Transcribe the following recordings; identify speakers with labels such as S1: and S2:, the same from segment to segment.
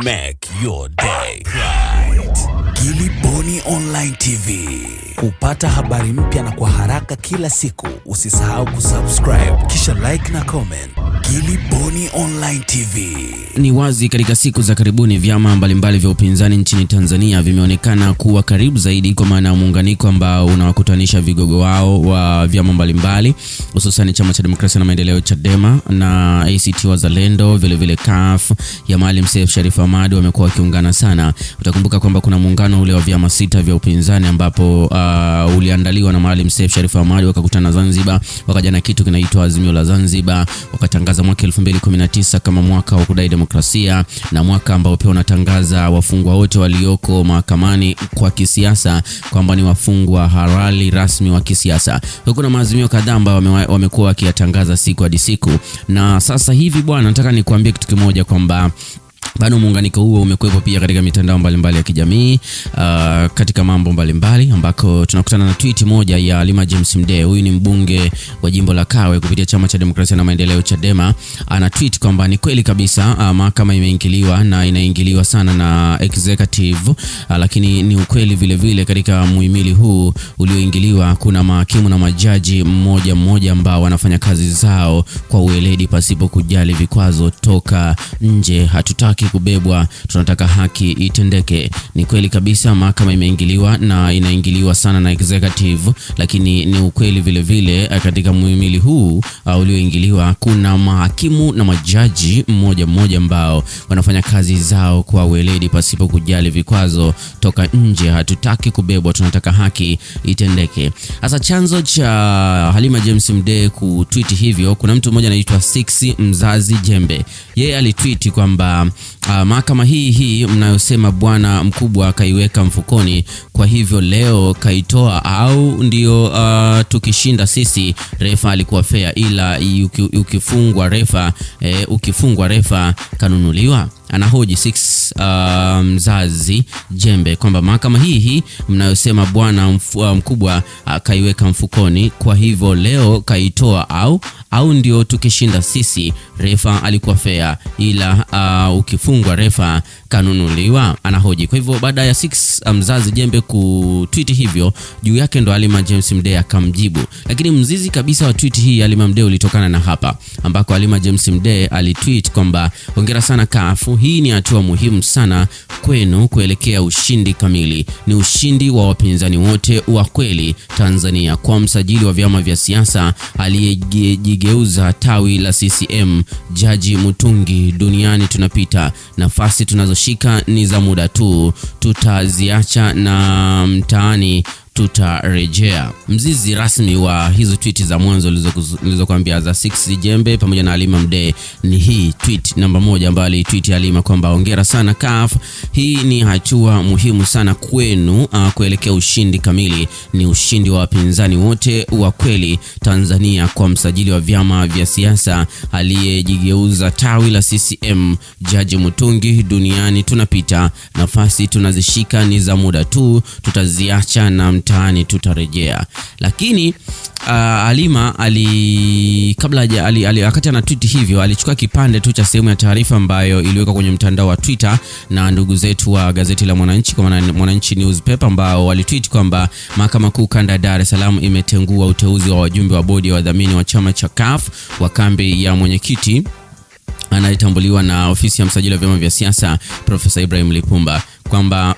S1: Make your day right. Gilly Bonny Online TV. Kupata habari mpya na kwa haraka kila siku, usisahau kusubscribe kisha like na comment. Gilly Bonny Online TV.
S2: Ni wazi katika siku za karibuni vyama mbalimbali vya upinzani nchini Tanzania vimeonekana kuwa karibu zaidi kwa maana ya muunganiko ambao unawakutanisha vigogo wao wa vyama mbalimbali hususan Chama cha Demokrasia na Maendeleo Chadema na ACT Wazalendo, vilevile CUF ya Maalim Seif Sharif Hamad wamekuwa wakiungana sana. Utakumbuka kwamba kuna muungano ule wa vyama sita vya upinzani ambapo uh, uliandaliwa na Maalim Seif Sharif Hamad, wakakutana Zanzibar, wakaja na kitu kinaitwa Azimio la Zanzibar, wakatangaza unatangaza mwaka 2019 kama mwaka wa kudai demokrasia na mwaka ambao pia unatangaza wafungwa wote walioko mahakamani kwa kisiasa kwamba ni wafungwa halali rasmi wa kisiasa. Kuna maazimio kadhaa ambayo wame, wamekuwa wakiyatangaza siku hadi siku, na sasa hivi bwana, nataka nikuambie kitu kimoja kwamba bado muunganiko huo umekuwepo pia katika mitandao mbalimbali mbali ya kijamii uh, katika mambo mbalimbali mbali, ambako tunakutana na tweet moja ya Halima James Mdee. Huyu ni mbunge wa jimbo la Kawe kupitia chama cha demokrasia na maendeleo Chadema, ana tweet kwamba ni kweli kabisa uh, mahakama imeingiliwa na inaingiliwa sana na executive uh, lakini ni ukweli vile vile katika muhimili huu ulioingiliwa kuna mahakimu na majaji mmoja mmoja ambao wanafanya kazi zao kwa ueledi pasipo kujali vikwazo toka nje. Hatutaki kubebwa, tunataka haki itendeke. Ni kweli kabisa mahakama imeingiliwa na inaingiliwa sana na executive, lakini ni ukweli vile vile eh, katika muhimili huu uh, ulioingiliwa kuna mahakimu na majaji mmoja mmoja ambao wanafanya kazi zao kwa weledi pasipo kujali vikwazo toka nje. Hatutaki kubebwa, tunataka haki itendeke. Hasa chanzo cha Halima James Mdee kutwiti hivyo, kuna mtu mmoja anaitwa Six Mzazi Jembe, yeye alitwiti kwamba Uh, mahakama hii hii mnayosema bwana mkubwa akaiweka mfukoni, kwa hivyo leo kaitoa au ndio? Uh, tukishinda sisi refa alikuwa fea ila ukifungwa refa eh, ukifungwa refa kanunuliwa anahoji six uh, mzazi jembe kwamba mahakama hii hii mnayosema bwana mkubwa akaiweka mfukoni, kwa hivyo leo kaitoa au au ndio tukishinda sisi. Refa alikuwa fair, ila uh, ukifungwa refa kanunuliwa, anahoji. Kwa hivyo baada ya Six uh, mzazi um, jembe kutwiti hivyo juu yake, ndo Halima James Mdee akamjibu. Lakini mzizi kabisa wa tweet hii Halima Mdee ulitokana na hapa ambako Halima James Mdee alitweet kwamba hongera sana kafu, hii ni hatua muhimu sana kwenu kuelekea ushindi kamili, ni ushindi wa wapinzani wote wa kweli Tanzania. Kwa msajili wa vyama vya siasa aliyeji kuligeuza tawi la CCM Jaji Mutungi. Duniani tunapita, nafasi tunazoshika ni za muda tu, tutaziacha na mtaani tutarejea. Mzizi rasmi wa hizo tweet za mwanzo nilizokuambia za 6 Jembe pamoja na Halima Mdee ni hii tweet namba moja ambayo alitweet Halima kwamba hongera sana CAF, hii ni hatua muhimu sana kwenu uh, kuelekea ushindi kamili. Ni ushindi wa wapinzani wote wa kweli Tanzania kwa msajili wa vyama vya siasa aliyejigeuza tawi la CCM Jaji Mutungi. Duniani tunapita, nafasi tunazishika ni za muda tu, tutaziacha na mtaani, tutarejea. Lakini uh, Halima ali kabla ya ali, ali, wakati ana tweet hivyo alichukua kipande tu cha sehemu ya taarifa ambayo iliwekwa kwenye mtandao wa Twitter na ndugu zetu wa gazeti la Mwananchi kwa Mwananchi newspaper ambao walitweet kwamba Mahakama Kuu Kanda ya Dar es Salaam imetengua uteuzi wa wajumbe wa bodi ya wadhamini wa chama cha CUF wa kambi ya mwenyekiti anayetambuliwa na ofisi ya msajili wa vyama vya siasa Profesa Ibrahim Lipumba kwamba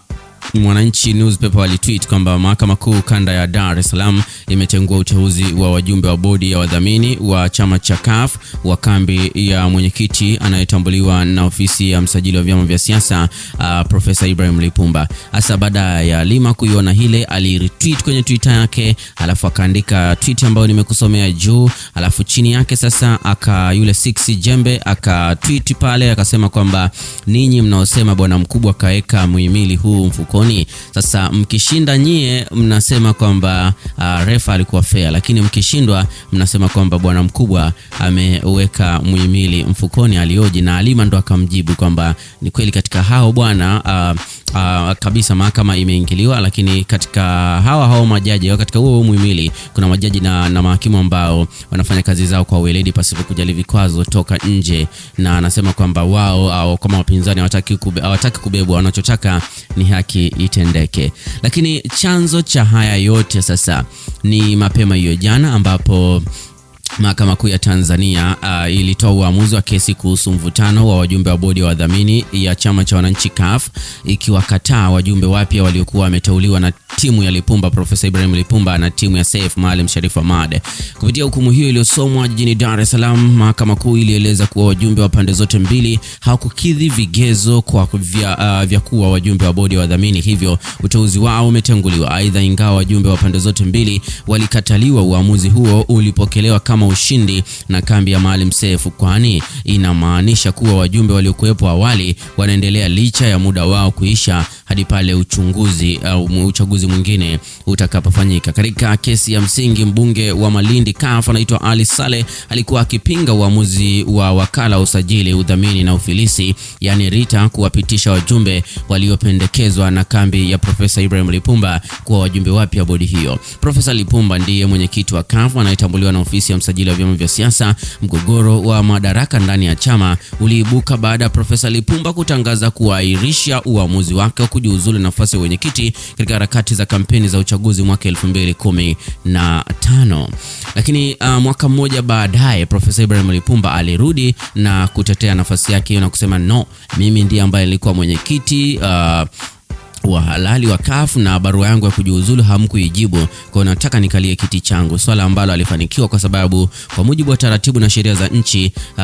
S2: Mwananchi newspaper walitweet kwamba mahakama kuu kanda ya Dar es Salaam imetengua uteuzi wa wajumbe wa bodi ya wadhamini wa chama cha CUF wa kambi ya mwenyekiti anayetambuliwa na ofisi ya msajili wa vyama vya siasa uh, Profesa Ibrahim Lipumba. Hasa baada ya Lima kuiona hile, aliretweet kwenye Twitter yake, alafu akaandika tweet ambayo nimekusomea juu, alafu chini yake sasa aka yule 6 Jembe tweet pale akasema kwamba ninyi mnaosema bwana mkubwa kaweka muhimili huu mfukoni maoni. Sasa mkishinda nyie mnasema kwamba uh, refa alikuwa fair, lakini mkishindwa mnasema kwamba bwana mkubwa ameweka muhimili mfukoni alioji. Na Halima ndo akamjibu kwamba ni kweli katika hao bwana uh, uh, kabisa mahakama imeingiliwa, lakini katika hawa hao majaji au katika huo muhimili kuna majaji na, na mahakimu ambao wanafanya kazi zao kwa weledi pasipo kujali vikwazo toka nje, na anasema kwamba wao au kama wapinzani hawataki kube, hawataki kubebwa, wanachotaka ni haki itendeke. Lakini chanzo cha haya yote sasa ni mapema hiyo jana ambapo Mahakama Kuu ya Tanzania uh, ilitoa uamuzi wa kesi kuhusu mvutano wa wajumbe wa bodi ya wadhamini ya chama cha wananchi CUF, ikiwakataa wajumbe wapya waliokuwa wameteuliwa na timu ya Lipumba, Profesa Ibrahim Lipumba na timu ya Saif Maalim Sharif Ahmad. Kupitia hukumu hiyo iliyosomwa jijini Dar es Salaam, mahakama kuu ilieleza kuwa wajumbe wa pande zote mbili hawakukidhi vigezo kwa vya, uh, vya kuwa wajumbe wa bodi ya wadhamini, hivyo uteuzi wao umetanguliwa. Aidha, ingawa wajumbe wa pande zote mbili walikataliwa, uamuzi huo ulipokelewa kama ushindi na kambi ya Maalim Saif, kwani inamaanisha kuwa wajumbe waliokuwepo awali wanaendelea licha ya muda wao kuisha hadi pale uchunguzi au uchaguzi mwingine utakapofanyika. Katika kesi ya msingi, mbunge wa Malindi CUF anaitwa Ali sale alikuwa akipinga uamuzi wa wakala wa usajili, udhamini na ufilisi, yani RITA, kuwapitisha wajumbe waliopendekezwa na kambi ya Profesa Ibrahim Lipumba kuwa wajumbe wapya bodi hiyo. Profesa Lipumba ndiye mwenyekiti wa CUF anayetambuliwa na ofisi ya msajili wa vyama vya siasa. Mgogoro wa madaraka ndani ya chama uliibuka baada ya Profesa Lipumba kutangaza kuahirisha uamuzi wake wa kujiuzulu nafasi ya wenyekiti katika harakati za kampeni za uchaguzi mwaka 2015. Lakini uh, mwaka mmoja baadaye Profesa Ibrahim Lipumba alirudi na kutetea nafasi yake hiyo na kusema no, mimi ndiye ambaye nilikuwa mwenyekiti uh, wa halali wa CAF na barua yangu ya kujiuzulu hamkuijibu, kwa nataka nikalie kiti changu, swala ambalo alifanikiwa kwa sababu kwa mujibu wa taratibu na sheria za nchi uh,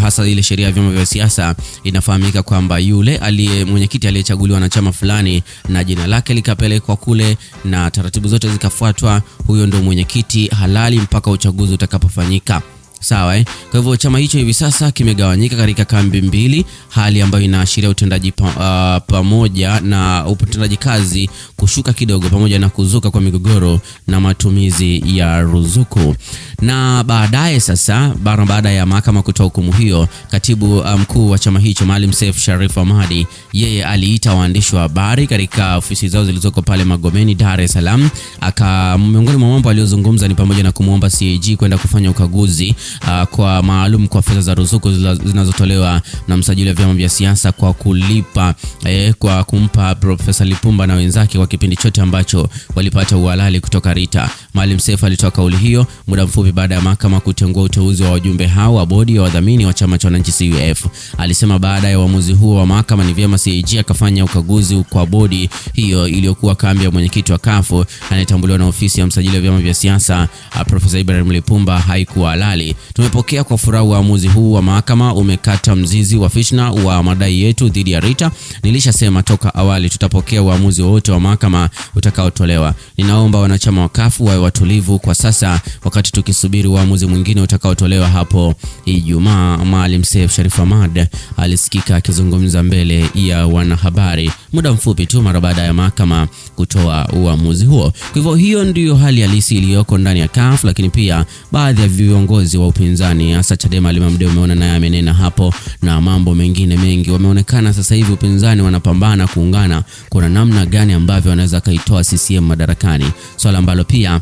S2: hasa ile sheria ya vyama vya siasa inafahamika kwamba yule aliye mwenyekiti aliyechaguliwa na chama fulani na jina lake likapelekwa kule na taratibu zote zikafuatwa, huyo ndio mwenyekiti halali mpaka uchaguzi utakapofanyika sawa eh? Kwa hivyo chama hicho hivi sasa kimegawanyika katika kambi mbili, hali ambayo inaashiria utendaji pa, uh, pamoja na utendaji kazi kushuka kidogo pamoja na kuzuka kwa migogoro na matumizi ya ruzuku. Na baadaye sasa, bara baada ya mahakama kutoa hukumu hiyo, katibu uh, mkuu um, wa chama hicho Maalim Seif Sharif Hamad yeye aliita waandishi wa habari katika ofisi zao zilizoko pale Magomeni, Dar es Salaam. Aka miongoni mwa mambo aliyozungumza ni pamoja na kumwomba CAG kwenda kufanya ukaguzi uh, kwa maalum kwa fedha za ruzuku zinazotolewa na msajili wa vyama vya siasa kwa kulipa eh, kwa kumpa Profesa Lipumba na wenzake kwa kipindi chote ambacho walipata uhalali kutoka Rita. Maalim Seif alitoa kauli hiyo muda mfupi baada ya mahakama kutengua uteuzi wa wajumbe hao wa bodi ya wadhamini wa chama cha wananchi CUF. Alisema baada ya uamuzi huo wa mahakama ni vyema CAG akafanya ukaguzi kwa bodi hiyo iliyokuwa kambi ya mwenyekiti wa CUF anayetambuliwa na ofisi ya msajili wa vyama vya siasa ah, Profesa Ibrahim Lipumba haikuwa halali. Tumepokea kwa furaha uamuzi huu wa mahakama, umekata mzizi wa fitna wa madai yetu dhidi ya Rita. Nilishasema toka awali tutapokea uamuzi wowote wa mahakama utakaotolewa. Ninaomba wanachama wa CUF wawe watulivu kwa sasa, wakati tukisubiri uamuzi mwingine utakaotolewa hapo Ijumaa. Maalim Seif Sharif Hamad alisikika akizungumza mbele ya wanahabari muda mfupi tu mara baada ya mahakama kutoa uamuzi huo. Kwa hivyo hiyo ndiyo hali halisi iliyoko ndani ya CUF, lakini pia baadhi ya viongozi wa wa upinzani hasa Chadema. limamde umeona naye amenena hapo na mambo mengine mengi. Wameonekana sasa hivi upinzani wanapambana kuungana, kuna namna gani ambavyo wanaweza kaitoa CCM madarakani, swala ambalo pia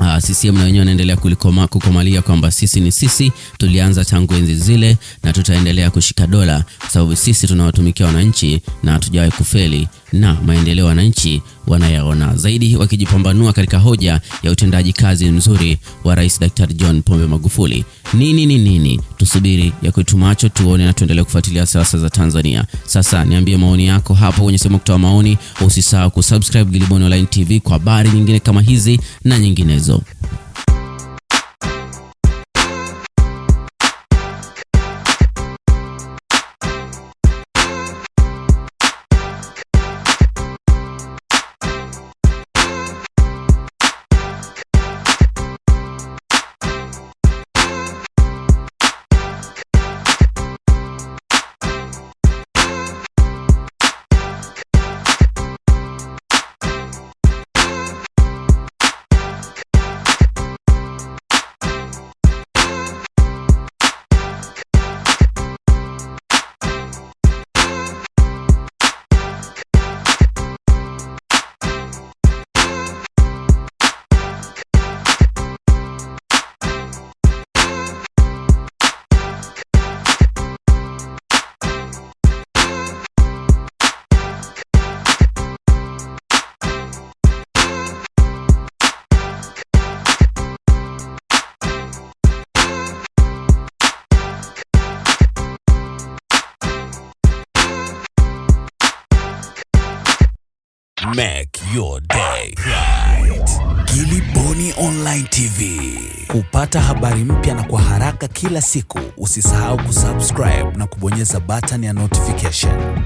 S2: Uh, ah, CCM na wenyewe wanaendelea kulikoma, kukomalia kwamba sisi ni sisi, tulianza tangu enzi zile na tutaendelea kushika dola, sababu sisi tunawatumikia wananchi na hatujawahi kufeli na maendeleo wananchi wanayaona zaidi, wakijipambanua katika hoja ya utendaji kazi mzuri wa Rais Daktari John Pombe Magufuli. Nini ni nini? Tusubiri ya kwetu macho tuone, na tuendelee kufuatilia siasa za Tanzania. Sasa niambie maoni yako hapo kwenye sehemu kutoa maoni. Usisahau kusubscribe Giliboni Online TV kwa habari nyingine kama hizi na nyinginezo.
S1: Make your day right. Gilly Bonny Online TV. Kupata habari mpya na kwa haraka kila siku, usisahau kusubscribe na kubonyeza button ya notification.